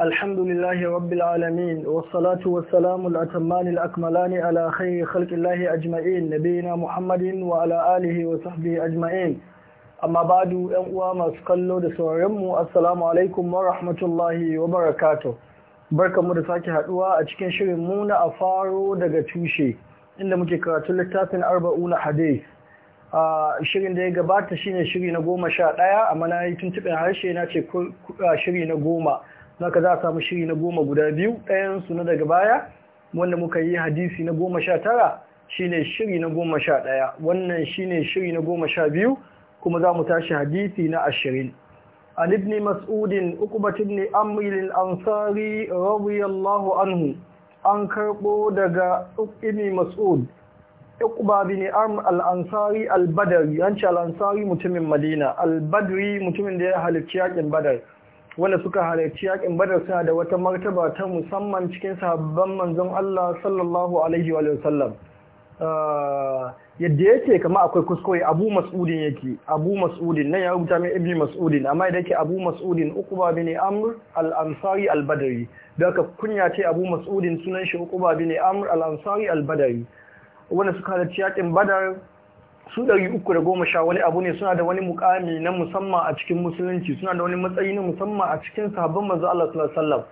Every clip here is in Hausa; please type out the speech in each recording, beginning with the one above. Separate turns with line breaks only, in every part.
Alhamdu لله رب العالمين والصلاة والسلام الأتمان الأكملان على خير خلق الله أجمعين نبينا محمد وعلى آله وصحبه أجمعين amma badu yan uwa masu kallo da sauraronmu assalamu alaikum wa rahmatullahi wa barakato barkamu da sake haduwa a cikin shirin mu na afaro daga tushe inda muke karatun littafin arba'una hadith a shirin da ya gabata shine shiri na goma sha ɗaya amma na tuntuɓin harshe na ce shiri na goma zaka za a samu shiri na goma guda biyu ɗayan su na daga baya wanda muka yi hadisi na goma sha tara shine shiri na goma sha ɗaya wannan shine shiri na goma sha biyu kuma za mu tashi hadisi na ashirin عن ابن Mas'udin, عقبة ne عمرو ansari رضي الله Anhu. an karɓo daga ibni mas'ud uqba bin am al-ansari al-badri an ce al-ansari mutumin madina al mutumin da ya halicci yakin badar wanda suka halarci yakin badar suna da wata martaba ta musamman cikin sabbin manzon Allah sallallahu alaihi wa sallam ah, yadda yake kama akwai kuskure Abu Mas'udin yake Abu Mas'udin nan ya rubuta mai Ibn Mas'udin amma yadda yake Abu Mas'udin uku ba bine al-Ansari al da aka kunya ce Abu Mas'udin sunan shi uku ba bine al-Ansari al wanda suka halarci yakin badar su ɗari uku da goma sha wani abu ne suna da wani mukami na musamman a cikin musulunci suna da wani matsayi na musamman a cikin sahabban manzo Allah sallallahu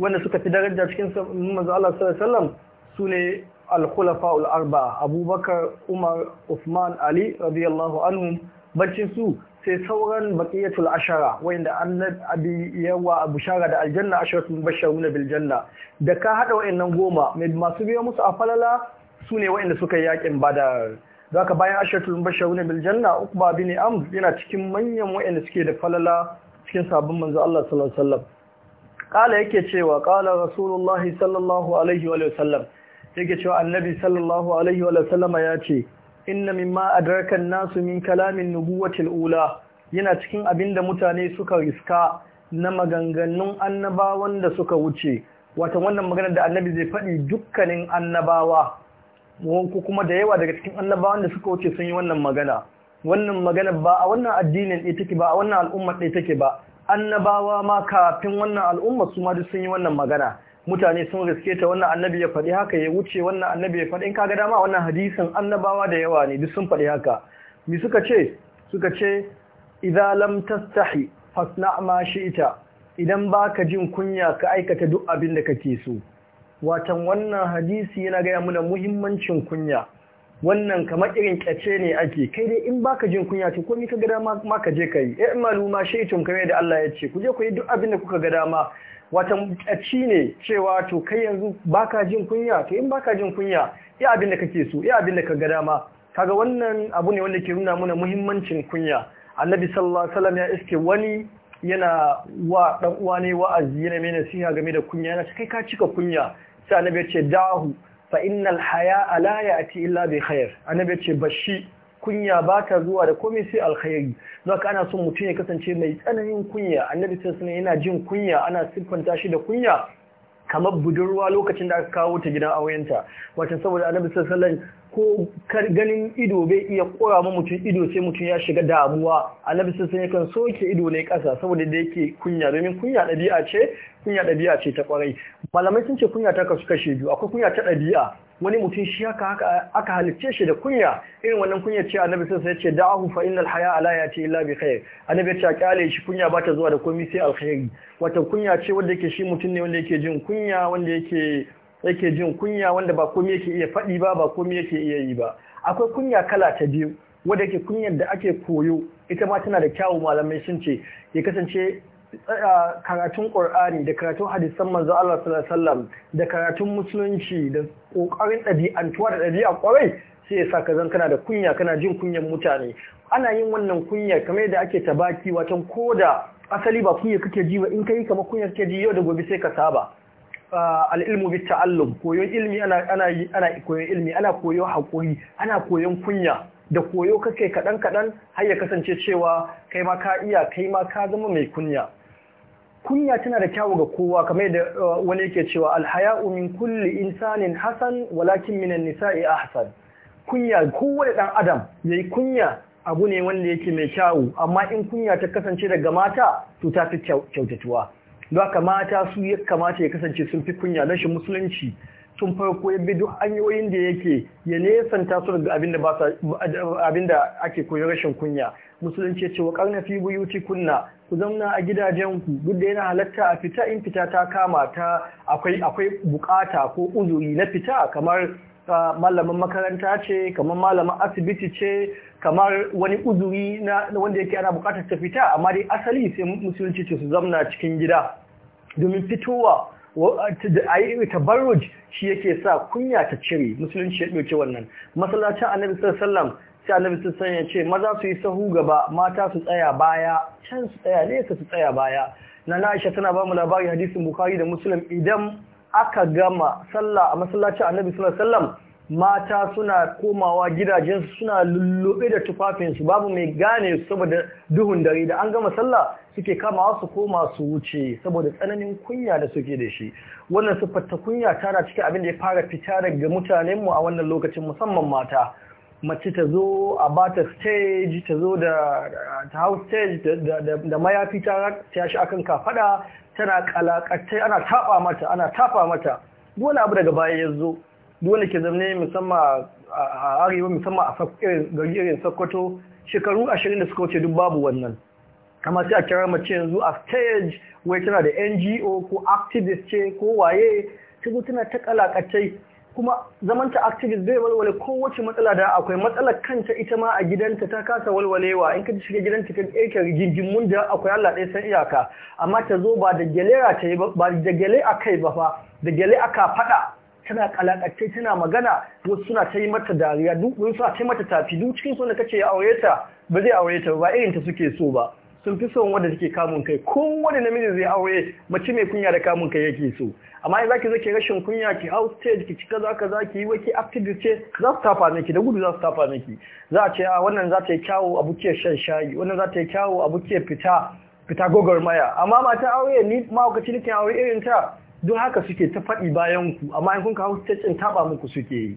wanda suka fi daraja cikin manzo Allah sallallahu alaihi wasallam sune al-khulafa arbaa Abubakar Umar Uthman Ali radiyallahu anhum bacci su sai sauran baqiyatul ashara wanda annabi yawa abu shara da aljanna asharatul mubashshiruna bil Biljanna. da ka hada wayannan goma mai masu biyo musu afalala sune wayanda suka yi yakin badar zaka bayan ashratul mubashshirun Biljanna janna uqba bin am yana cikin manyan wayanda suke da falala cikin sabon manzo Allah sallallahu alaihi wasallam kala yake cewa kala rasulullahi sallallahu alaihi wa sallam yake cewa annabi sallallahu alaihi wa sallama ya ce inna mimma adraka an-nasu min kalamin nubuwatil ula yana cikin abinda mutane suka riska na maganganun annabawan da suka wuce wato wannan magana da annabi zai faɗi dukkanin annabawa ko kuma da yawa daga cikin annabawan da suka wuce sun yi wannan magana wannan magana ba a wannan addinin ɗaya take ba a wannan al'ummar ɗaya take ba annabawa ma kafin wannan al'ummar su ma duk sun yi wannan magana mutane sun riske ta wannan annabi ya faɗi haka ya wuce wannan annabi ya faɗi in kaga dama wannan hadisin annabawa da yawa ne duk sun faɗi haka Me suka ce suka ce idza lam tastahi fasna ma shi'ta idan baka jin kunya ka aikata duk abin da kake so watan wannan hadisi yana gaya muna muhimmancin kunya wannan kamar irin kyace ne ake kai dai in baka jin kunya ce komai ka ga dama ma ka je kai eh maluma shaytum kamar da Allah ya ce ku je ku yi duk abin da kuka ga dama watan kyaci ne cewa to kai yanzu baka jin kunya to in baka jin kunya ya abin da kake so ya abin da ka ga dama kaga wannan abu ne wanda ke nuna mana muhimmancin kunya annabi sallallahu alaihi wasallam ya iske wani yana wa dan uwa ne wa'azi yana mai nasiha game da kunya yana kai ka cika kunya sai annabi ya ce dahu fa innal a la ya'ti illa bai khair annabi ya ce bashi kunya ba ta zuwa da komai sai alkhairi za ka ana son mutum ya kasance mai tsananin kunya annabi sai yana jin kunya ana siffanta shi da kunya kamar budurwa lokacin da aka kawo ta gidan aurenta wacin saboda annabi sallallahu ko ganin ido bai iya kora ma mutum ido sai mutum ya shiga damuwa annabi sallallahu alaihi wasallam soke ido ne kasa saboda da yake kunya domin kunya ɗabi'a ce kunya ce ta kwarai malamai sun ce kunya ta kasu kashe biyu akwai kunya ta ɗabi'a. wani mutum shi haka aka halicce shi da kunya irin wannan kunya ce annabi sun sai ce da'ahu fa innal haya ala ya ce illa bi khair annabi ya ce kyale shi kunya ba ta zuwa da komi sai alkhairi wata kunya ce wanda yake shi mutum ne wanda yake jin kunya wanda yake yake jin kunya wanda ba komai yake iya faɗi ba ba komai yake iya yi ba akwai kunya kala ta biyu wanda yake kunyar da ake koyo ita ma tana da kyawu malamai sun ce ya kasance karatun ƙur'ani, da karatun hadisan manzo Allah sallallahu da karatun musulunci da ƙoƙarin ɗabi'antuwa da ɗabi'a ƙwarai, sai ya sa ka zan kana da kunya kana jin kunyan mutane ana yin wannan kunya kamar yadda ake tabaki watan da asali ba kunya kake ji ba in ka yi kamar kunya kake ji yau da gobe sai ka saba al'ilmu bi ta'allum koyon ilmi ana koyon ilmi ana koyo hakuri ana koyon kunya da koyo kake kaɗan-kaɗan, har ya kasance cewa kai ma ka iya kai ma ka zama mai kunya kunya tana da kyawu ga kowa kamar da uh, wani yake cewa alhaya'u min kulli insanin hasan walakin minan nisa'i ahsan kunya kowane dan adam yayi kunya abu ne wanda yake mai kyawu amma in kunya ta kasance daga mata to ta fi kyautatuwa don haka mata su ya kamata ya kasance sun fi kunya don shi musulunci tun farko ya bi duk hanyoyin da yake ya nesanta su daga abinda ake koyo rashin kunya musulunci ya ce wa karnafi buyuti kunna ku zauna a gidajenku duk da yana halatta a fita in fita ta kama ta akwai akwai bukata ko uzuri na fita kamar malamin makaranta ce kamar malamin asibiti ce kamar wani uzuri na wanda yake ana bukatar ta fita amma dai asali sai musulunci ce su zamna cikin gida domin fitowa a yi tabarruj shi yake sa kunya ta cire musulunci ya ɗauke wannan masallacin annabi sallallahu alaihi wasallam sai annabi sun sanya ce maza su yi sahu gaba mata su tsaya baya can su tsaya ne su tsaya baya na Aisha tana ba mu labari hadisin Bukhari da Muslim idan aka gama sallah a masallacin Annabi sallallahu alaihi mata suna komawa gidajensu suna lulluɓe da tufafinsu babu mai gane su saboda duhun dare da an gama sallah suke kama su koma su wuce saboda tsananin kunya da suke da shi wannan siffar ta kunya tana cikin abin da ya fara fita daga mutanenmu a wannan lokacin musamman mata mace ta zo a bata ta stage ta zo da ta hau stage da mayafi ta yashi akan kafada tana kalakatai ana tafa mata ana tafa mata abu daga baya ya zo wani ke zamne musamman a arewa musamman a gari irin sokoto shekaru ashirin da suka wuce duk babu wannan amma sai a kira mace yanzu a stage wai tana da ngo ko activist ce ko waye ta zo tana ta kalakatai kuma zamanta activist bai walwale kowace matsala da akwai matsalar kanta ita ma a gidanta ta kasa walwalewa in ka shiga gidanta ta ɗauke mun da akwai Allah ɗaya san iyaka amma ta zo ba da gyalera ta yi ba da gyale a kai ba fa da gyale aka faɗa tana kalakacce tana magana wasu suna ta yi mata dariya duk suna ta yi mata tafi duk cikin suna kace ya aure ta ba zai aure ta ba irin ta suke so ba sun fi son wanda take kamun kai ko wani namiji zai aure mace mai kunya da kamun kai yake so amma in zaki zake rashin kunya ki outstage ki cika zaka zaki yi waki active ce za su tafa miki da gudu za su tafa miki za a ce a ah, wannan za ta yi kyawu abukiyar shan shayi wannan za ta yi kyawu abukiyar fita fita maya amma mata aure ni ma lokaci nake aure irin ta don haka suke ta faɗi bayan ku amma in kun kawo stage in taɓa muku suke yi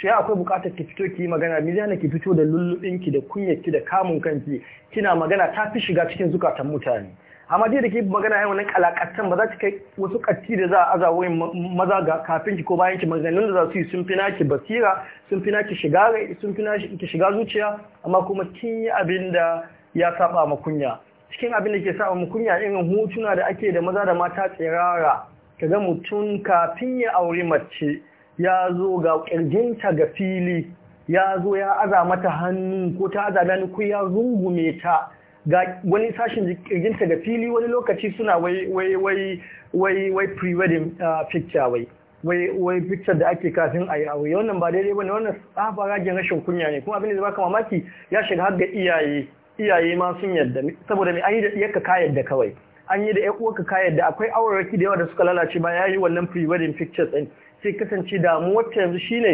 to ya akwai bukatar ki fito ki magana me zai ki fito da lullubinki da kunyarki da kamun kanki kina magana ta fi shiga cikin zukatan mutane amma dai da ke magana yawan nan kalakattan ba za ta kai wasu katti da za a aza wayin maza ga kafin ki ko bayan ki magana da za su yi sun fi naki basira sun fi naki shiga sun fi naki shiga zuciya amma kuma kin yi abin da ya saba ma kunya cikin abin da ke saba ma kunya irin hutuna da ake da maza da mata tsirara kaga mutum kafin ya aure mace ya zo ga ƙirginta ga fili ya zo ya aza mata hannu ko ta aza da ko ya rungume ta ga wani sashin ƙirginta ga fili wani lokaci suna wai wai wai wai wai pre-wedding uh, picture wai wai wai picture da ake kafin a yi aure wannan ba daidai bane wannan tsafa ragin rashin kunya ne kuma abin da baka mamaki ya shiga har ga iyaye iyaye ma sun yadda saboda mai an yi da iyaka ka yadda kawai an yi da ƴan uwarka ka yadda akwai aurarki da yawa da suka lalace ba ya yi wannan pre-wedding pictures ɗin sai kasance damuwar ta yanzu shine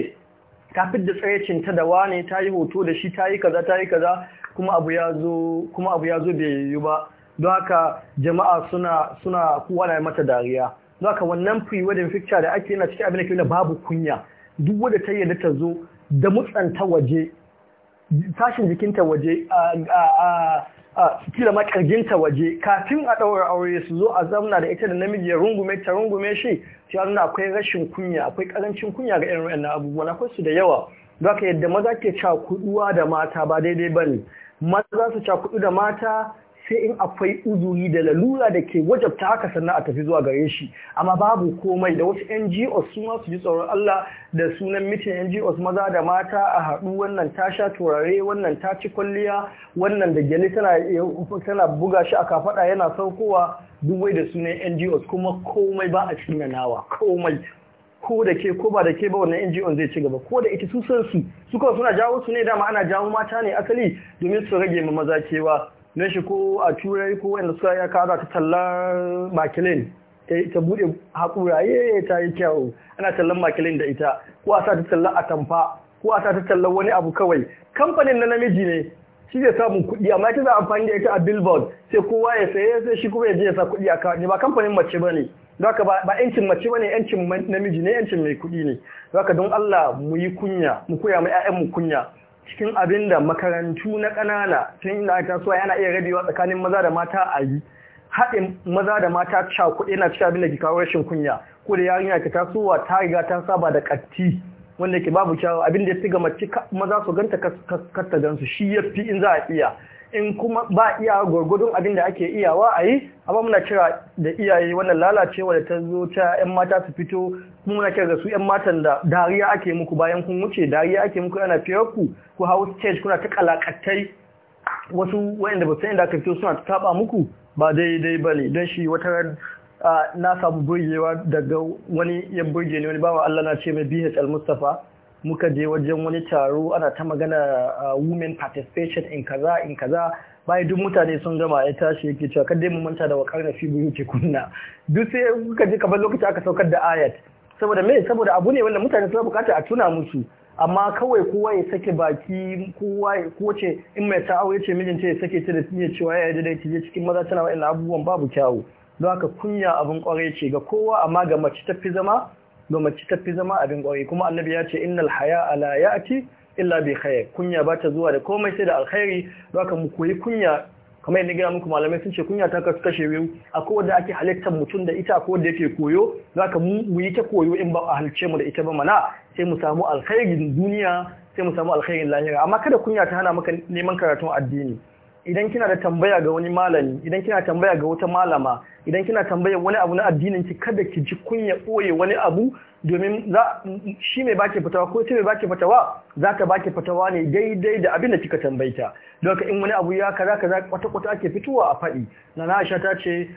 kafin da tsayacin ta da wane ta yi hoto da shi ta yi kaza ta yi kaza kuma abu ya zo kuma ya bai yi ba don haka jama'a suna suna kowa na mata dariya don haka wannan free wedding picture da ake yana cikin abin da babu kunya duk wanda ta yarda ta zo da mutsanta waje tashin jikinta waje A kila makarginta waje kafin a ɗaura aure su zo a zauna da ita da namiji ya rungume ta rungume shi ya nuna akwai rashin kunya akwai ƙarancin kunya ga irin wannan abubuwan akwai su da yawa Zaka yadda maza ke cakuduwa da mata ba daidai ba ne maza su cakudu da mata sai in akwai uzuri da lalura da ke wajabta haka sannan a tafi zuwa gare shi amma babu komai da wasu NGOs su ma su ji tsoron Allah da sunan mitin NGOs maza da mata a haɗu wannan ta sha turare wannan ta ci kwalliya wannan da gyali tana buga shi a kafaɗa yana saukowa duk wai da sunan NGOs kuma komai ba a cikin nawa komai ko da ke ko ba da ke ba wannan NGO zai ci gaba ko da ita su san su suka suna jawo su ne dama ana jawo mata ne asali domin su rage ma maza kewa na shi ko a turai ko wanda suka ya kada ta tallar makilin ta bude haƙuraye eh, ta yi kyau ana tallan makilin da ita ko a sa ta tallar atamfa ko a sa ta tallar wani abu kawai kamfanin na namiji ne shi zai samu kuɗi amma ita za a amfani da ita a billboard sai kowa ya saye sai shi kuma ya je ya sa kuɗi a kawai ba kamfanin mace ba ne zaka ba yancin mace ba ne, yancin namiji ne yancin mai kuɗi ne zaka don Allah mu yi kunya mu koya mu ƴaƴan mu kunya cikin abin da makarantu na ƙanana tun inda aka tasowa yana iya rabewa tsakanin maza da mata a yi haɗin maza da mata kuɗi yana cikin abin da ke kawo rashin kunya ko da yarinya ke tasowa ta riga ta saba da ƙatti wanda ke babu kyawu abin da ya fi ga mace maza su ganta kasta gansu shi ya fi in za a iya in kuma ba iya gwargwadon abin da ake iyawa a yi amma muna kira da iyaye wannan lalacewa da ta zo ta 'yan mata su fito kuma muna kira da su 'yan matan da dariya ake muku bayan kun wuce dariya ake muku yana fiyar ku ku hau stage kuna ta kalakattai wasu wayanda ba su inda aka fito suna taba muku ba daidai ba ne don shi wata na samu burgewa daga wani 'yan burge ne wani bawa Allah na ce mai BH al-Mustapha muka je wajen wani taro ana ta magana women participation in kaza in kaza bayan duk mutane sun gama ya tashi yake cewa kada mu manta da wakar na fibu yake kunna duk sai kuka je kamar lokaci aka saukar da ayat saboda me saboda abu ne wanda mutane suna bukata a tuna musu amma kawai kowa ya sake baki kowa ya koce in mai ta aure ce mijinta ya sake ta da tinye cewa ya yarda da ita cikin maza tana wa'annan abubuwan babu kyawu don haka kunya abin kwarai ce ga kowa amma ga mace ta fi zama Domin ta tafi zama abin ƙwaye kuma annabi ya ce innal haya ala ya'ti illa bi khair kunya ba ta zuwa da komai sai da alkhairi ka mu koyi kunya kamar yadda gina muku malamai sun ce kunya ta kasu kashe biyu akwai wanda ake halittar mutum da ita akwai wanda yake koyo ka mu yi ta koyo in ba a halice mu da ita ba mana sai mu samu alkhairin duniya sai mu samu alkhairin lahira amma kada kunya ta hana maka neman karatun addini idan kina da tambaya ga wani malami idan kina tambaya ga wata malama idan kina tambaya wani abu na addinin ki kada ki ji kunya ɓoye wani abu domin za shi mai baki fatawa ko ce mai baki fatawa za baki fatawa ne daidai da abin da kika tambayta. don ka in wani abu ya kaza kaza kwata kwata ake fitowa a faɗi na na Aisha ta ce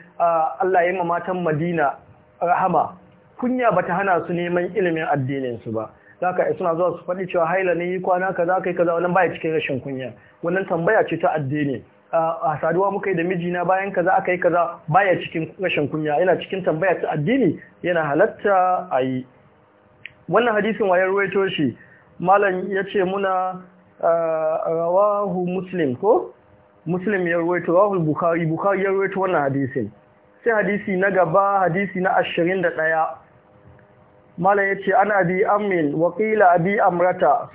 Allah ya yi matan Madina rahama kunya bata hana su neman ilimin addinin su ba zaka suna zuwa su faɗi cewa haila ne yi kwana kaza yi kaza wannan baya cikin rashin kunya wannan tambaya ce ta addini a saduwa muka yi da mijina bayan kaza aka yi kaza baya cikin rashin kunya yana cikin tambaya ta addini yana halatta a yi wannan hadisin wayar ruwaito shi malam ya ce muna rawahu muslim ko muslim ya ruwaito rawahu bukari bukari ya ruwaito wannan hadisin sai hadisi na gaba hadisi na ashirin da ɗaya mala ce ana abi amin wakila abi amrata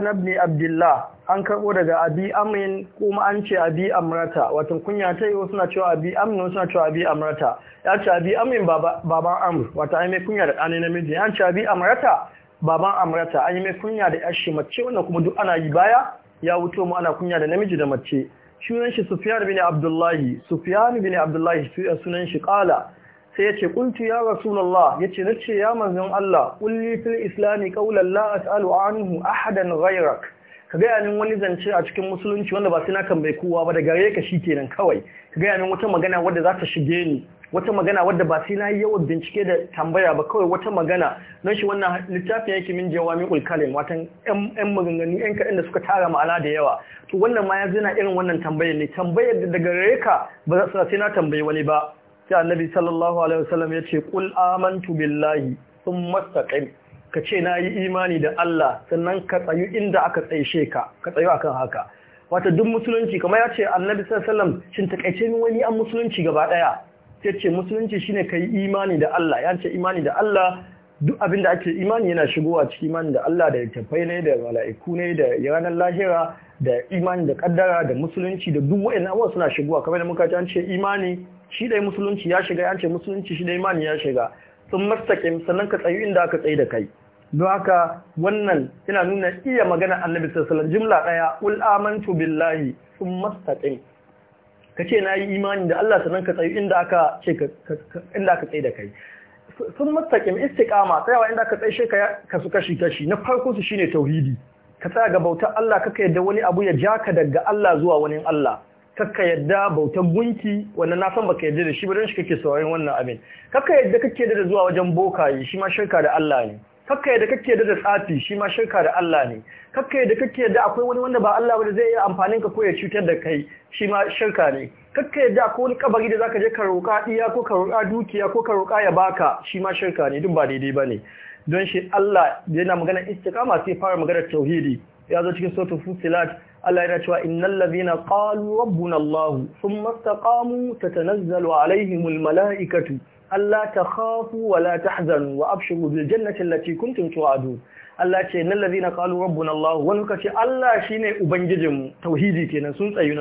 na ibn abdullah an karbo daga abi amin kuma an ce abi amrata Watan kunya ta yi suna cewa abi amin suna cewa abi amrata ya ce abi amin baban amr an yi mai kunya da ɗane namiji ya ce abi amrata baban amrata an yi mai kunya da yashi mace wannan kuma duk ana yi baya ya wuto mu ana kunya da namiji da mace sunan shi sufyan bin abdullahi sufyan bin abdullahi sunan shi kala. sai ya ce kuntu ya rasulullah ya ce na ce ya manzan Allah kulli fil islami qawlan la as'alu anhu ahadan Rairak. ka gaya min wani zance a cikin musulunci wanda ba sai na kan bai kowa ba da gare ka shikenan kawai ka gaya min wata magana wadda za ta shige ni wata magana wadda ba sai na yi yawan bincike da tambaya ba kawai wata magana don shi wannan littafin yake min jawami ulkalin watan yan maganganu yan kaɗan da suka tara ma'ana da yawa to wannan ma ya zina irin wannan tambayar ne tambayar da daga gare ka ba sai na tambayi wani ba sai annabi sallallahu alaihi wasallam ya ce amantu billahi thumma istaqim ka ce na yi imani da Allah sannan ka tsayu inda aka tsaye ka ka tsayu akan haka wata duk musulunci kamar ya ce annabi sallallahu alaihi wasallam shin wani an musulunci gaba daya yace ce musulunci shine kai imani da Allah ya ce imani da Allah duk abinda ake imani yana shigowa cikin imani da Allah da tafai ne da mala'iku ne da ranar lahira da imani da kaddara da musulunci da duk wa'annan abubuwa suna shigowa kamar da muka ce imani shi dai musulunci ya shiga ya ce musulunci shi dai imani ya shiga sun mastaƙim sannan ka tsayu inda aka tsaye da kai don haka wannan yana nuna iya magana annabi sallallahu jumla daya ul amantu billahi sun mastaqim kace na yi imani da Allah sannan ka tsayi inda aka ce inda aka tsayi da kai sun mastaqim istiqama tsayawa inda aka tsayi ka ka su kashi kashi na farko su shine tauhidi ka tsaya ga bautar Allah kaka yadda wani abu ya jaka daga Allah zuwa wani Allah kakka yadda bautan gunki wannan na san baka yadda da shi ba don shi kake sauraron wannan abin kakka yadda kake da zuwa wajen bokaye shi ma shirka da Allah ne kakka yadda kake da tsafi shi ma shirka da Allah ne kakka yadda kake yadda akwai wani wanda ba Allah ba zai iya amfanin ka ko ya cutar da kai shi ma shirka ne kakka yadda akwai wani kabari da zaka je ka roka iya ko ka roka dukiya ko ka roka ya baka shi ma shirka ne duk ba daidai bane don shi Allah yana magana istiqama sai fara magana tauhidi ya zo cikin sautin fusilat Allah yana cewa innal ladhina qalu rabbuna Allah thumma istaqamu tatanazzalu alaihimul malaikatu alla takhafu wa la tahzanu wa abshiru bil jannati allati kuntum tu'adun Allah ce innal ladhina qalu rabbuna Allah wani kace Allah shine ubangijinmu tauhidi kenan sun tsayu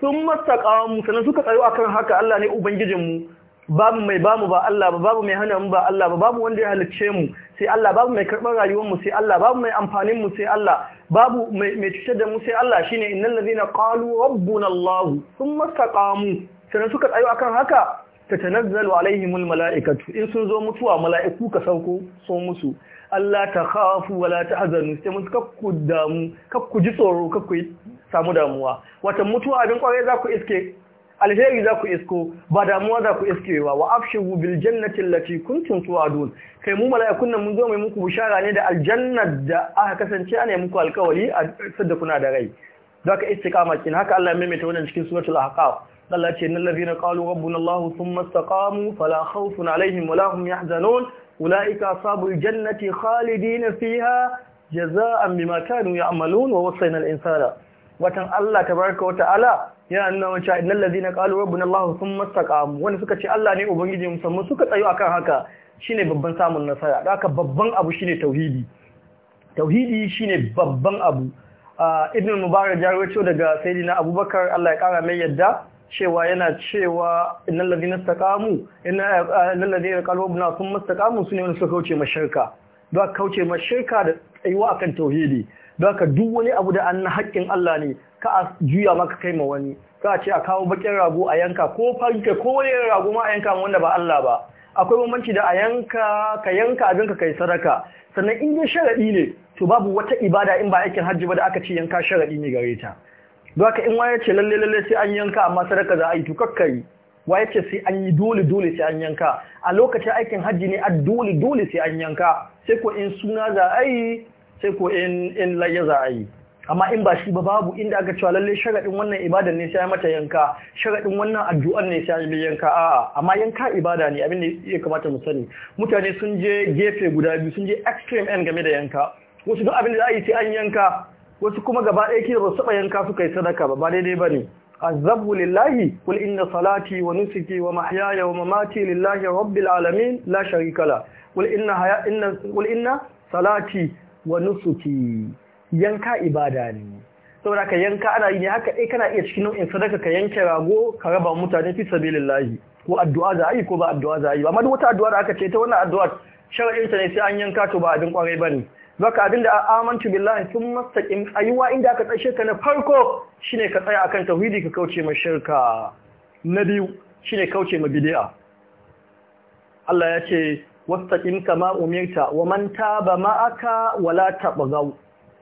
thumma istaqamu sanan suka tsayu akan haka Allah ne ubangijinmu babu mai bamu ba Allah ba babu mai hana mu ba Allah ba babu wanda ya halicce mu sai Allah babu mai karɓar rayuwar mu sai Allah babu mai amfanin mu sai Allah babu mai cutar da mu sai Allah shine innal ladina qalu rabbuna sun thumma istaqamu sannan suka tsayo akan haka ta tatanazzalu alaihimul malaikatu in sun zo mutuwa mala'iku ka sauko so musu Allah ta khafu wala tahzanu sai mun kakku damu kakku ji tsoro kakku samu damuwa wata mutuwa abin kwarai za ku iske alheri za ku isko ba damuwa za ku iskewa wa abshiru bil jannati allati kuntum tu'adun kai mu mala'ikun nan mun zo mai muku bishara ne da aljannat da aka kasance ana muku alkawari a sadda kuna da rai zaka istiqama kin haka Allah ya maimaita wannan cikin suratul ahqaf Allah ce innal ladhina qalu rabbuna Allah thumma istaqamu fala khawfun alaihim wala hum yahzanun ulaika sabul jannati khalidina fiha jazaan bima kanu ya'malun wa wassayna al-insana watan Allah tabaraka wata'ala yana nuna wa cewa innal ladina qalu rabbuna Allah thumma istaqamu wani suka ce Allah ne ubangiji musamman suka tsayo akan haka shine babban samun nasara don haka babban abu shine tauhidi tauhidi shine babban abu ibn mubarak ya rawaito daga sayyidina abubakar Allah ya kara mai yadda cewa yana cewa innal ladina istaqamu innal ladina qalu rabbuna thumma istaqamu ne wani suka kauce mashirka don kauce mashirka da tsayuwa akan tauhidi don ka duk wani abu da an haƙƙin Allah ne ka a juya maka kai ma wani ka ce a kawo bakin rago a yanka ko farke ko wani rago ma a yanka wanda ba Allah ba akwai bambanci da a yanka ka yanka abin ka kai sadaka sannan in dai sharadi ne to babu wata ibada in ba aikin hajji ba da aka ce yanka sharadi ne gare ta don haka in wani ce lalle lalle sai an yanka amma sadaka za a yi to kakkai waye ce sai an yi dole dole sai an yanka a lokacin aikin hajji ne a dole dole sai an yanka sai ko in suna za a yi sai ko in in za a yi amma in ba shi ba babu inda aka cewa lallai sharaɗin wannan ibadan ne sai ya mata yanka Sharaɗin wannan addu'an ne sai ya yanka a'a amma yanka ibada ne abin da ya kamata mu sani mutane sun je gefe guda biyu sun je extreme end game da yanka wasu duk abin da za a yi sai an yanka wasu kuma gaba ɗaya ke ba su taɓa yanka suka yi sadaka ba ba daidai ba ne azabu lillahi kul inna salati wa nusuki wa mahyaya wa mamati lillahi rabbil alamin la sharika la kul inna salati wa nusuki yanka ibada ne saboda ka yanka ana yi ne haka eh kana iya cikin nau'in sadaka ka yanke rago ka raba mutane fi sabilillahi ko addu'a za a yi ko ba addu'a za a yi ba wata addu'a da aka ce ta wannan addu'a shar'in ta ne sai an yanka to ba abin kwarai bane zaka abin da amantu billahi sun mustaqim ayuwa inda aka tsaye ka na farko shine ka tsaya akan tauhidi ka kauce ma shirka na biyu shine kauce ma bid'a Allah ya ce wastaqim kama umirta wa man taba ma'aka wala tabghaw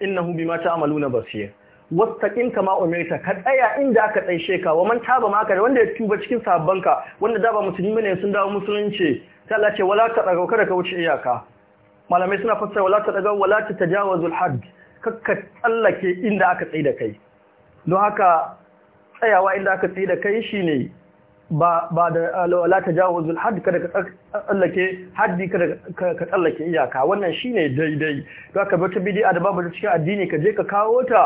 innahu bima ta'maluna basir wastaqim kama umirta ka tsaya inda aka tsaye ka wa man taba ma'aka da wanda ya tuba cikin sabbanka wanda da ba musulmi ne sun dawo musulunci sai Allah ce wala tabghaw kada ka wuce iyaka malamai suna fassara wala tabghaw wala tatajawazul hadd kakka tsallake inda aka da kai don haka tsayawa inda aka da kai shine ba da la tajawuzul hadd kada ka tsallake haddi kada ka tsallake iyaka wannan shine daidai to ka bi ta bid'a da babu cikin addini ka je ka kawo ta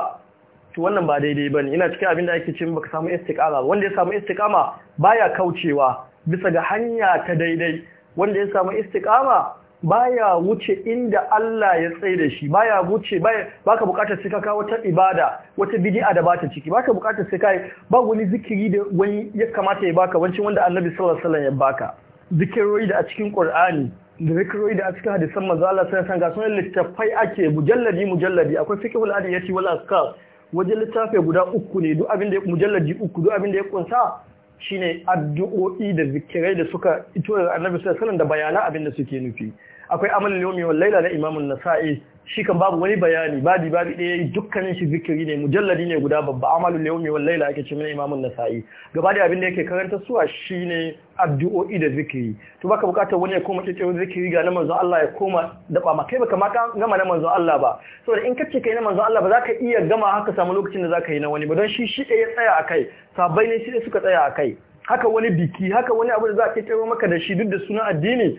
to wannan ba daidai bane ina cikin abin da ake cewa ka samu istiqama wanda ya samu istiqama baya kaucewa bisa ga hanya ta daidai wanda ya samu istikama. baya wuce inda Allah ya tsaye da shi baya wuce baka bukatar sai ka kawo wata ibada wata bid'a da bata ciki baka bukatar sai kai ba wani zikiri da wani ya kamata ya baka wancin wanda Annabi sallallahu wasallam ya baka zikiroi da a cikin Qur'ani da zikiroi da a cikin hadisan manzo Allah sai san ga sunan littafai ake mujalladi mujalladi akwai fiqhul adiyati wal askar. wajen littafai guda uku ne duk abin da mujalladi uku duk abin da ya kunsa shine addu'o'i da zikirai da suka ito annabi sallallahu alaihi wasallam da bayana abin da suke nufi akwai amalin yawmi wal laila na imamun nasa'i shi kan babu wani bayani babi babi ɗaya dukkanin shi zikiri ne mujalladi ne guda babba amalu ne yau laila ake cewa imamun nasa'i gaba da abin da yake karanta suwa ne addu'o'i da zikiri to baka bukatar wani ya koma cewa zikiri ga na manzo Allah ya koma daba ma kai baka ma gama na manzo Allah ba saboda in kace kai na manzo Allah ba zaka iya gama haka samu lokacin da zaka yi na wani ba don shi shi ɗaya tsaya akai sabai ne shi suka tsaya akai haka wani biki haka wani abu da za a ce maka da shi duk da suna addini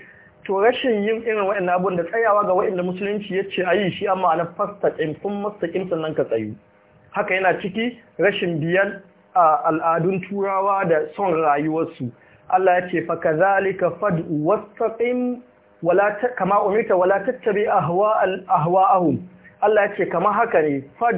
to rashin yin irin waɗannan abun da tsayawa ga waɗanda musulunci ya ce ayi shi amma na fastaqim sun mustaqim sannan ka tsayu haka yana ciki rashin biyan a al'adun turawa da son rayuwarsu Allah ya ce fa zalika fad wastaqim wala kama umita wala tattabi ahwa'al ahwa'ahum Allah ya ce kama haka ne Ka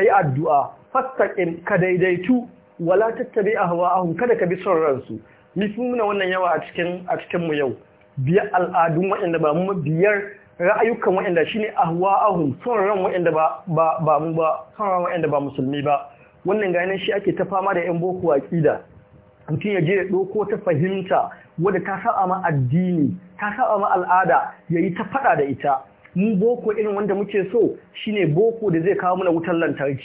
kai addu'a fastaqim ka daidaitu wala tattabi ahwa'ahum kada ka bi son ransu mifuna wannan yawa a cikin a cikin mu yau biyar al'adun waɗanda ba mu biyar ra'ayukan waɗanda shine ahwa'ahum son ran waɗanda ba mu ba son ran waɗanda ba musulmi ba wannan gani shi ake ta fama da yan boko a ƙida. mutum ya je ya ɗauko ta fahimta wadda ta saba ma addini ta saba ma al'ada yi ta faɗa da ita mu boko irin wanda muke so shine boko da zai kawo mana wutar lantarki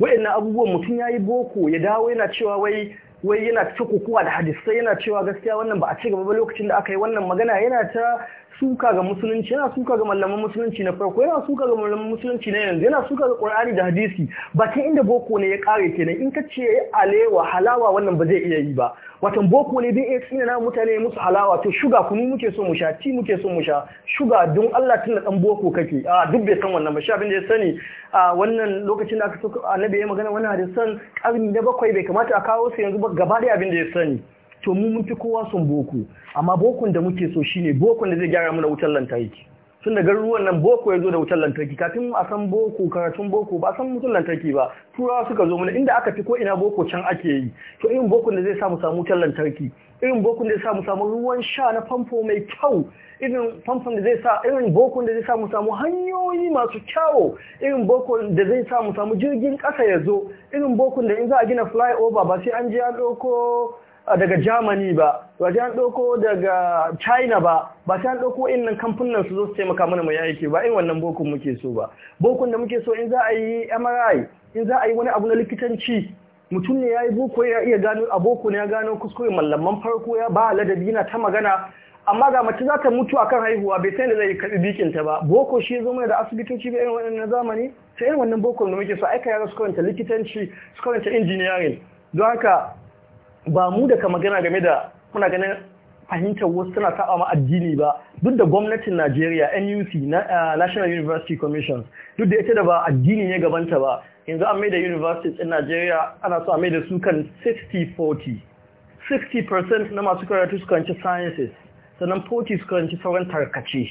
waɗannan abubuwan mutum ya yi boko ya dawo yana cewa wai wai yana ta kukuwa da hadisai yana cewa gaskiya wannan ba a ci gaba ba lokacin da aka yi wannan magana yana ta suka ga musulunci yana suka ga mallaman musulunci na farko yana suka ga mallaman musulunci na yanzu yana suka ga qur'ani da hadisi Ba bakin inda boko ne ya kare kenan in ka ce alewa halawa wannan ba zai iya yi ba watan boko ne AC eh, na na mutane musu halawa to shuga kuma muke so mu sha ti muke so mu sha shuga don Allah tun da dan boko kake a duk bai san wannan ba shi abin da ya sani a wannan lokacin da aka so annabi ya magana wannan san karni da bakwai bai kamata a kawo su yanzu ba gaba da abin da ya sani to mu mun fi kowa son boko amma bokon da muke so shine bokon da zai gyara mana wutar lantarki tun da garuruwan nan boko ya zo da wutar lantarki kafin a san boko karatun boko ba san wutar lantarki ba turawa suka zo mana inda aka fi ko ina boko can ake yi to irin bokon da zai samu samu wutar lantarki irin bokon da zai samu samu ruwan sha na famfo mai kyau irin famfon da zai sa irin boko da zai samu samu hanyoyi masu kyawo irin bokon da zai samu samu jirgin kasa ya zo irin bokon da in za a gina flyover ba sai an je an ɗauko daga Germany ba ba ta an ɗauko daga China ba ba sai an ɗauko innan kamfunan su zo su taimaka mana mai aiki ba in wannan bokun muke so ba bokun da muke so in za a yi MRI in za a yi wani abu na likitanci mutum ne ya yi boko ya iya gano a boko ne ya gano kuskure mallaman farko ya ba ladabi na ta magana amma ga mace za ta mutu akan haihuwa bai sai da zai karbi ta ba boko shi zo mai da asibitoci ga irin wannan zamani sai irin wannan boko da muke so aika yara su karanta likitanci su karanta engineering don haka ba mu da ka magana game da muna ganin fahimtar wasu suna taɓa ma addini ba duk da gwamnatin Najeriya NUC eh, National University Commission duk da ita da ba addini ne gabanta ba yanzu an maida universities in Najeriya ana so a maida su kan 60-40 60% na masu karatu su kanci sciences sannan 40 su kanci sauran tarkace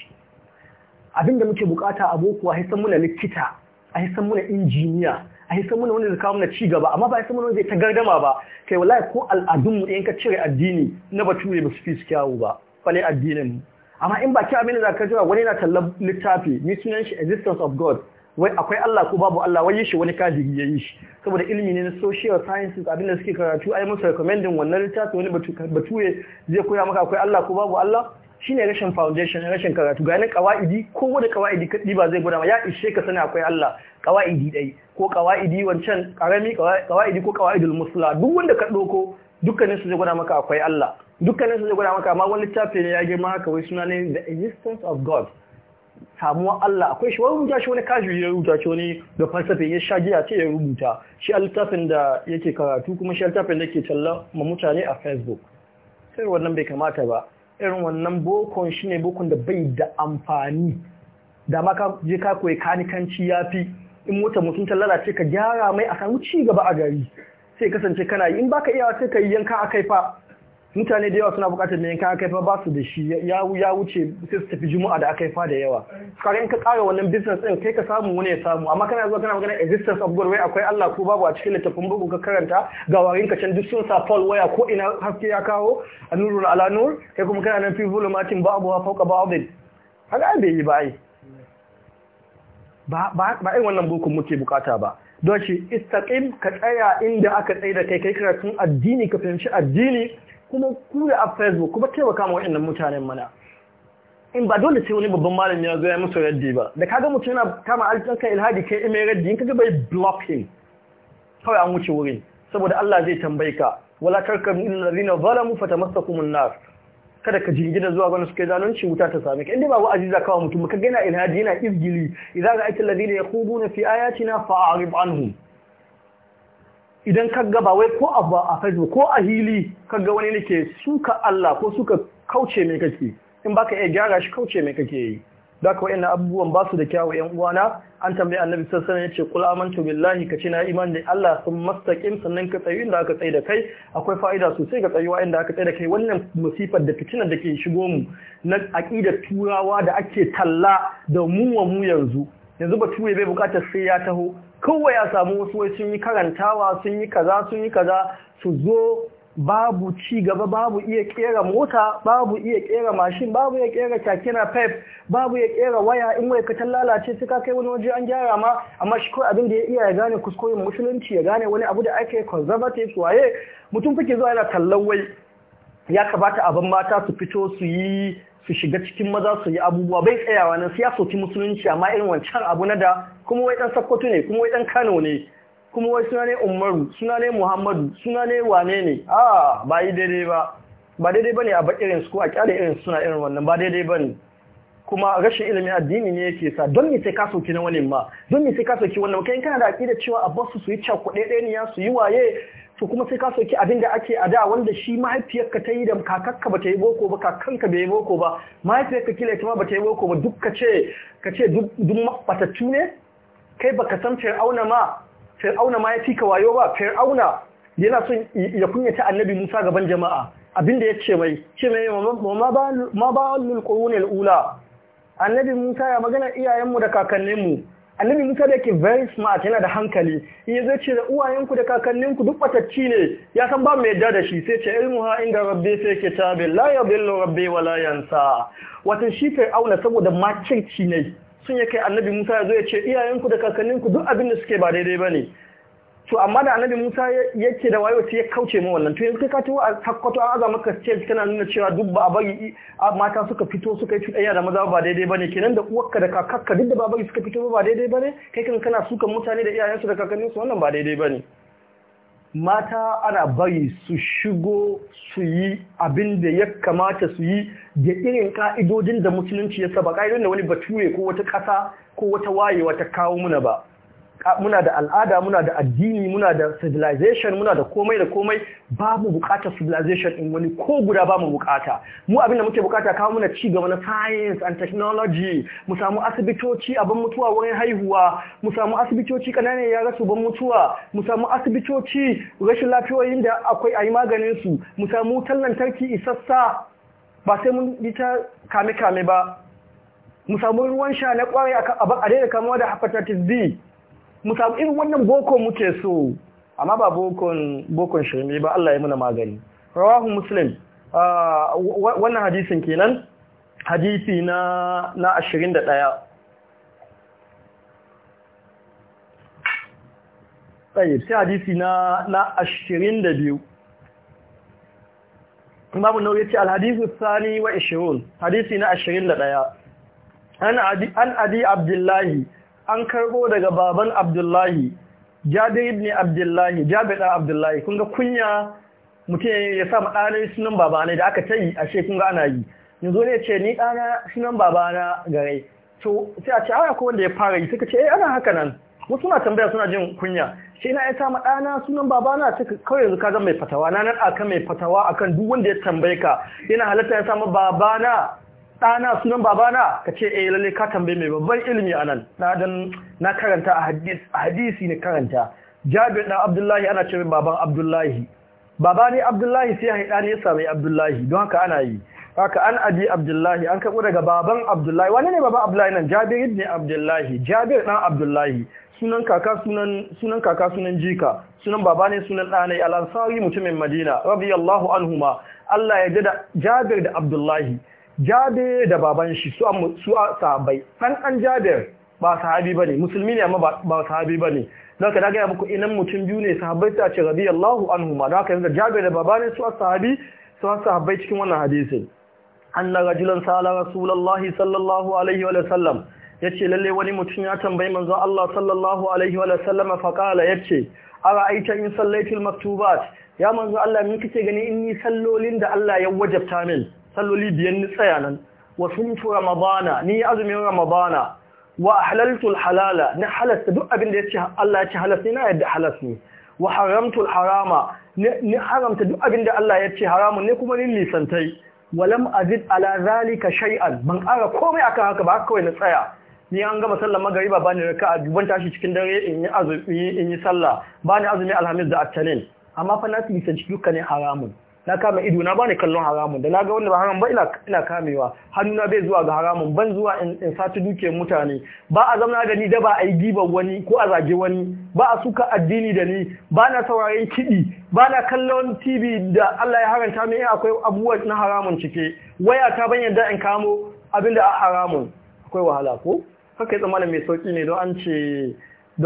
abinda muke bukata a boko a hisan muna likita a san muna injiniya a hisan muna wanda zai kawo mana ci gaba amma ba hisan muna wanda zai ta gardama ba kai wallahi ko al'adun mu in ka cire addini na bature ba su fi su kyawu ba fale addinin mu amma in ba ki abin da ka jira wani na tallan littafi ni sunan shi existence of god wai akwai Allah ko babu Allah wai shi wani ya yi shi saboda ilimi ne na social sciences abin da suke karatu ai musu recommending wannan littafi wani bature zai koya maka akwai Allah ko babu Allah shine rashin foundation rashin karatu ga nan kawaidi ko wanda kawaidi kadi ba zai gudana ya ishe ka sani akwai Allah kawaidi dai ko kawaidi wancan karami kawaidi ko kawaidul musla duk wanda ka doko dukkanin su zai guda maka akwai Allah dukkanin su zai guda maka amma wani littafi ne ya girma haka wai suna ne the existence of God samuwa Allah akwai shi wani rubuta shi wani kashi ya rubuta shi wani da falsafi ya sha giya ce ya rubuta shi littafin da yake karatu kuma shi littafin da ke talla ma mutane a Facebook sai wannan bai kamata ba irin wannan bokon shi ne bokon da bai da amfani da maka je ka koyi kanikanci ya fi in mota mutum ta lalace ka gyara mai a samu ci gaba a gari sai kasance kana yi in baka iya sai ka yi yanka a kai fa mutane da yawa suna bukatar mai yankan aka fa ba su da shi ya wuce sai su tafi juma'a da aka fa da yawa kaga in ka kara wannan business din kai ka samu wani ya samu amma kana zuwa kana magana existence of God wai akwai Allah ko babu a cikin littafin bugu ka karanta ga warin ka can duk sun sa Paul waya ko ina haske ya kawo anurul ala nur kai kuma kana nan fi zulumatin babu wa fawqa ba'd haka bai yi ba yi. ba ba yi wannan buku muke bukata ba don shi istaqim ka tsaya inda aka tsaye da kai kai karatun addini ka fahimci addini kuma kura a facebook kuma taimaka ma waɗannan mutanen mana in ba dole sai wani babban malami ya zo ya musu raddi ba da ka ga mutum yana kama alƙan kan ilhadi kai mai raddi in kaga bai block him kawai an wuce wurin saboda Allah zai tambaye ka wala Bala, illal fata zalamu fatamassakumun nar kada ka jingina zuwa wani suke zalunci wuta ta sami ka inda babu aziza kawo mutum ka gina ilhadi yana izgili idan ra'aytal ladina yakhuduna fi ayatina fa'rid anhum idan kaga ba wai ko abu a facebook ko a hili ga wani nake suka Allah ko suka kauce mai kake in baka iya gyara shi kauce mai kake yi da ka wayannan abubuwan ba su da kyawu yan uwana an tambayi annabi sallallahu ya ce, yace qul amantu billahi ce na iman da Allah sun mastaƙin. sannan ka tsayi inda aka tsayi da kai akwai fa'ida sosai ga tsayuwa inda aka tsayi da kai wannan musifar da fitinar da ke shigo mu na aƙidar turawa da ake talla da mu wa mu yanzu yanzu ba bai bukatar sai ya taho kawai a samu wasu wai sun yi karantawa sun yi kaza sun yi kaza su zo babu ci gaba babu iya kera mota babu iya kera mashin babu iya kera cakina pep babu iya kera waya in wai ka lalace sai kai wani waje an gyara ma amma shi kawai abin da ya iya ya gane kuskuren musulunci ya gane wani abu da ake conservative waye mutum fike zuwa yana kallon wai ya kamata abin mata su fito su yi su shiga cikin maza su yi abubuwa bai tsayawa nan sai ya soki musulunci amma irin wancan abu na da kuma wai dan sakkwato ne kuma wai dan kano ne kuma wai suna ne umaru suna ne muhammadu suna ne wane ne a ah, ba yi daidai ba ba daidai ba ne a bakirin su ko a kyale irin suna irin wannan ba daidai ba ne kuma rashin ilimin addini ne yake sa don me sai ka soki na wani ma don me sai ka soki wannan kai kana da aqida cewa a basu su yi cakuɗe ɗaya ne ya su yi waye to kuma sai ka soki abin da ake a da wanda shi mahaifiyarka ta yi da kakakka ba ta yi boko ba kakanka bai yi boko ba mahaifiyarka kila ita ma ba ta yi boko ba duk ka ce ka ce duk batattu ne kai baka san fir'auna ma fir'auna ma ya fi ka wayo ba fir'auna yana son ya kunyata annabi Musa gaban jama'a abinda ya ce mai ce mai ma ba lul qurunil ula annabi Musa ya magana iyayenmu da kakanninmu annabi Musa da yake very smart yana da hankali in zai ce da uwayenku da kakanninku duk batacci ne ya san ba mai yarda da shi sai ce ilmu ha inda rabbi sai ke tabi la yadhillu rabbi wa la yansa wato shi fir'auna saboda macin ne sun yake annabi Musa ya zo ya ce iyayenku da kakanninku duk abin da suke ba daidai ba ne. to amma da annabi Musa yake da wayo sai ya kauce ma wannan to yanzu ka a sakkwato an aza maka stage kana nuna cewa duk ba bari mata suka fito suka yi cuɗanya da maza ba daidai bane kenan da uwarka da kakarka duk da ba bari suka fito ba daidai bane kai kan kana sukan mutane da iyayensu da kakanninsu wannan ba daidai bane mata ana bari su shigo su yi abin da ya kamata su yi da irin ka'idodin da musulunci ya saba ka'idodin da wani bature ko wata ƙasa ko wata wayewa ta kawo muna ba muna da al'ada muna da addini muna da civilization muna da komai da komai babu bukatar civilization in wani ko guda ba mu bukata mu abin da muke bukata kawo muna ci gaba na science and technology mu samu asibitoci abin mutuwa wurin haihuwa mu samu asibitoci kananan ya rasu ban mutuwa mu samu asibitoci rashin lafiyoyin da akwai ayi maganin su mu samu wutar lantarki isassa ba sai mun yi ta kame-kame ba mu samu ruwan sha na kwarai a daina kamuwa da hepatitis B mu samu irin wannan boko muke so amma ba bokon bokon shirme ba Allah ya muna magani rawahu muslim ah, wannan hadisin kenan hadisi na na 21 ɗaya. sai hadisi na biyu. 22 mu nau'i ce alhadisu sani wa 20 hadisi na ɗaya. an adi abdullahi an karbo daga baban Abdullahi Jabir ibn Abdullahi Jabir da Abdullahi kun ga kunya mutum ya sa ɗanai sunan baba da aka tayi ashe kun ga ana yi yanzu ne ce ni ɗana sunan baba na gare to sai a ce ai akwai wanda ya fara yi suka ce eh ana haka nan wasu na tambaya suna jin kunya shi na ya sama ɗana sunan babana ta kawai yanzu ka zama mai fatawa na nan akan mai fatawa akan duk wanda ya tambaye ka yana halatta ya sama babana ɗana sunan babana ka ce eh lalle ka tambaye mai babban ilimi anan na dan na karanta a hadisi ne karanta Jabir dan Abdullahi ana cewa baban Abdullahi baba ne Abdullahi sai haida ne ya sami Abdullahi don haka ana yi haka an abi Abdullahi an karbo daga baban Abdullahi wani ne baban Abdullahi nan Jabir ibn Abdullahi Jabir dan Abdullahi sunan kaka sunan sunan kaka sunan jika sunan baba ne sunan ɗanai al-Ansari mutumin Madina radiyallahu anhuma Allah ya jada Jabir da Abdullahi jabe da baban shi su a sahabai ɗan ɗan jabe ba sahabi ba ne musulmi ne amma ba sahabi ba ne don ka daga gaya kuɗi, inan mutum biyu ne sahabai ta ce rabi allahu anhu ma don haka yanzu jabe da baba ne su a sahabi su a sahabai cikin wannan hadisin an na rajulan sa'ala rasulallah sallallahu alaihi wa sallam ya ce lalle wani mutum ya tambayi manzon Allah sallallahu alaihi wa sallam fa kala ya ce ara aita in sallaitul maktubat ya manzo Allah min kike gani in yi sallolin da Allah ya wajabta min salloli biyan ni tsaya nan wa fi ramadana ni azumin ramadana wa halaltul halala ni halasta duk abin da ce Allah ya ce halas ni yadda halas ne wa haramtul harama ni haramta duk abin da Allah ya ce haramun ne kuma ni lisantai walam azid ala zalika shay'an ban ƙara komai akan haka ba kawai na tsaya ni an gama sallar magariba ba ni raka'a duban tashi cikin dare in yi azumi in yi sallah ba ni azumi alhamis da attanin amma fa na su lisanci dukkanin haramun na kama ido na bani kallon haramun da naga wanda ba haram ba ina ina kamewa hannuna bai zuwa ga haramun ban zuwa in, in sati duke mutane ba a zama da ni da ba a yi giban wani ko a zage wani ba a suka addini da ni ba na kiɗi ba na kallon tv da Allah ya haranta min akwai abubuwa na haramun cike waya ta ban yadda in kamo abin da a haramun akwai wahala ko haka yi tsammanin mai sauki ne don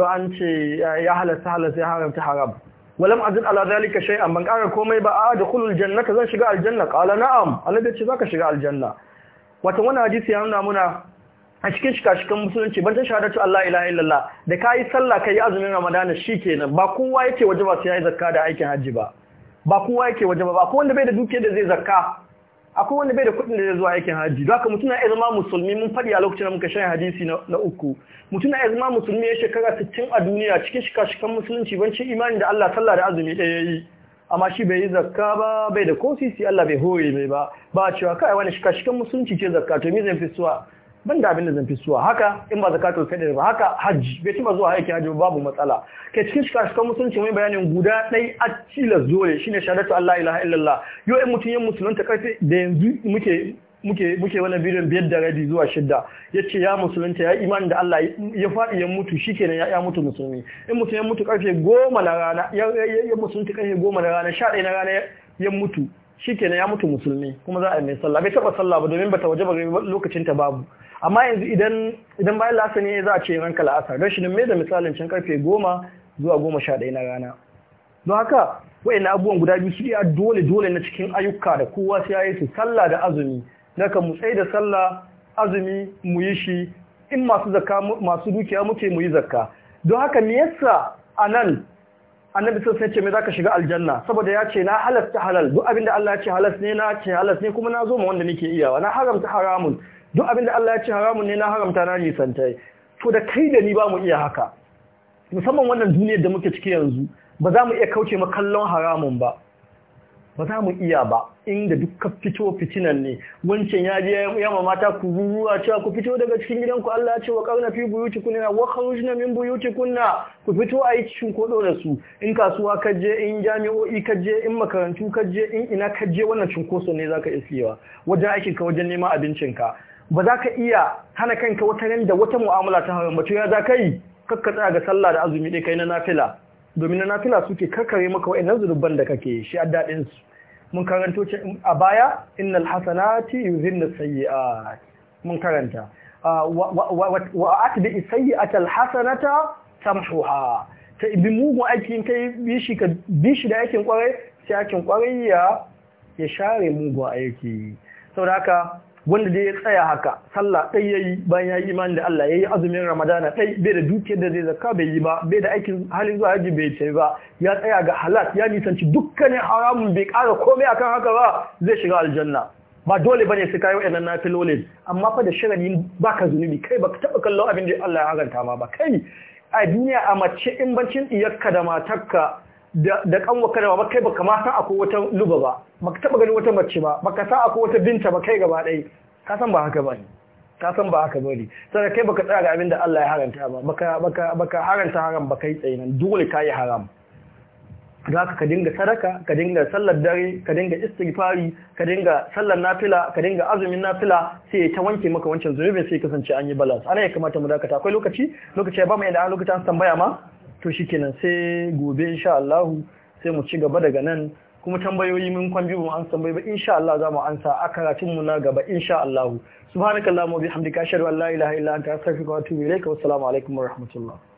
an ce eh, ya halatta halatta ya haramta haram walam azid ala zalika shay'an ban kara komai ba a ah, da dakhulul jannata zan shiga aljanna qala na'am annabi ce zaka shiga aljanna wato wannan hadisi ya nuna muna a cikin shikashikan musulunci ban ta shahadatu Allah ilaha illallah da kai sallah kai azumin ramadana shikenan ba kowa yake wajiba sai ya zakka da aikin Hajji ba ba kowa yake wajiba ba ba ko wanda bai da duke da zai zakka akwai wanda bai da kuɗin da zai zuwa aikin haji don haka mutum na zama musulmi mun faɗi a lokacin da muka shan hadisi na uku mutum na zama musulmi ya shekara sittin a duniya cikin shika-shikan musulunci cin imani da Allah sallah da azumi ɗaya ya yi amma shi bai yi zakka ba bai da ko sisi Allah bai hore mai ba ba a cewa kai wani shika-shikan musulunci ce zakka to me zai fi suwa ban da abin da zan fi suwa haka in ba zakatu fitr ba haka hajji bai taba zuwa aiki hajji ba babu matsala ke cikin shi kashi kan musulunci mai bayanin guda ɗai a tilas dole shine shahadatu Allah ilaha illallah yau in mutum yin musulunta karfe da yanzu muke muke muke wannan bidiyon biyar da rabi zuwa shidda ya ce ya musulunta ya iman da Allah ya faɗi ya mutu shikenan ya ya mutu musulmi in mutum ya mutu karfe goma na rana ya musulunta karfe goma na rana sha ɗaya na rana ya mutu shi kenan ya mutu musulmi kuma za a mai sallah bai taba sallah ba domin bata waje ba lokacin ta babu amma yanzu idan idan bayan lasa ne za a ce ranka la'asa, don shi ne da misalin can karfe goma zuwa goma sha ɗaya na rana don haka wa'in abubuwan guda biyu su iya dole dole na cikin ayyuka da kowa sai ya yi su sallah da azumi na naka mu tsaye da sallah azumi mu yi shi in masu zakka masu dukiya muke mu yi zakka don haka me yasa a annabi sun sai ce me zaka shiga aljanna saboda ya ce na halasta halal duk abinda Allah ya ce halas ne na ce halas ne kuma na zo ma wanda nake iyawa na haramta haramun duk abinda Allah ya ce haramun ne na haramta na nisantai to da kai da ni ba mu iya haka musamman wannan duniyar da muke ciki yanzu ba za mu iya kauce ma kallon haramun ba ba za mu iya ba inda ka fito fitinan ne wancan ya je yamma mata ku ruwa cewa ku fito daga cikin gidanku Allah ya ce wa qauna fi kunna, wa kharujna min kunna, ku fito ayi cikin kodo da su in kasuwa ka je in jami'o'i ka je in makarantu ka je in ina ka je wannan cinkoso ne zaka siyawa, wajen aikin ka wajen neman abincin ka ba za ka iya hana kanka wata da wata mu'amala ta hawa ba ya za ka yi kakka tsaya ga sallah da azumi dai kai na nafila domin na nafila suke karkare maka wa'annan zunuban da kake shi a daɗinsu su mun karanto a baya innal hasanati sayi sayyi'at mun karanta wa atbi sayyi'atal hasanata tamhuha ta ibi mugu aikin kai bishi ka bishi da aikin kwarai sai aikin kwarai ya share mugu aiki saboda haka wanda dai ya tsaya haka sallah ɗai yayi bayan ya yi imani da Allah ya yi azumin ramadana ɗai bai da dukiyar da zai zakka bai yi ba bai da aikin halin zuwa haji bai ce ba ya tsaya ga halat ya nisanci dukkanin haramun bai ƙara komai akan haka ba zai shiga aljanna ba dole bane su kayi na nafilolin amma fa da shirin baka zunubi kai baka taba kallon abin da Allah ya haganta ma ba kai a duniya a mace in bacin iyakka da matarka da kan kada ba kai baka ma san akwai wata luba ba baka taba ganin wata mace ba baka san akwai wata binta ba kai gaba ɗaya ka san ba haka ba ka san ba haka bane sai kai baka tsaya ga abin da Allah ya haranta ba baka baka baka haranta haram baka yi tsayinan dole kai haram zaka ka dinga sadaka ka dinga sallar dare ka dinga istighfari ka dinga sallar nafila ka dinga azumin nafila sai ta wanke maka wancan zunubin sai kasance an yi balance ana ya kamata mu dakata akwai lokaci lokaci ya ba mu yadda lokacin an tambaya ma to kenan sai gobe insha Allah sai mu ci gaba daga nan kuma tambayoyi mun kwan biyu an san bai ba insha Allah za mu ansa a karatun mu na gaba insha Allah subhanakallahumma wa bihamdika ashhadu an la ilaha illa anta astaghfiruka wa atubu ilaik wa assalamu alaikum wa rahmatullah